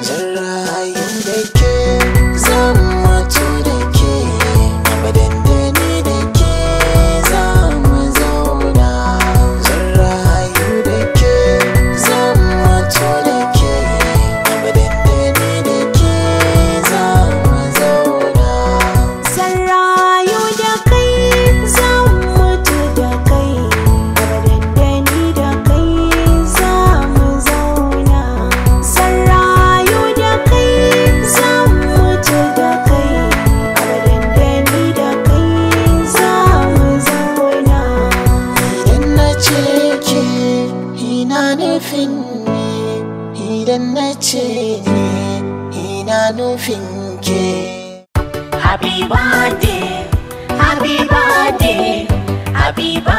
Zara you da ke nufin ni idan na ce ni ina nufin ke happy birthday happy birthday happy birthday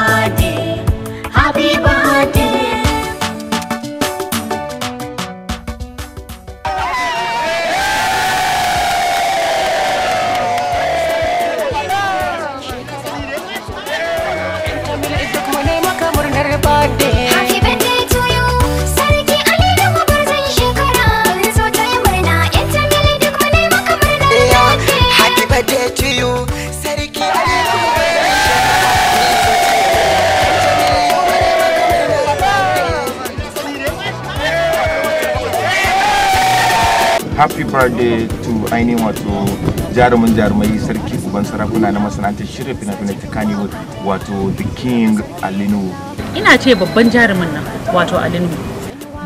happy birthday to ainihin wato jarumin jarumai sarki uban sarakuna na masana'antar shirya fina-finai ta kanewood wato the king alinu ina ce babban jarumin nan wato alinu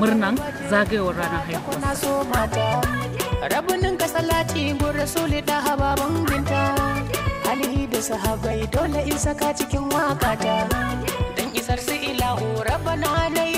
murnan zagayowar ranar haihuwa rabunin kasalati gun rasuli da hababan binta alihi da sahabai dole in saka cikin wakata dan isar su ilahu rabbana alai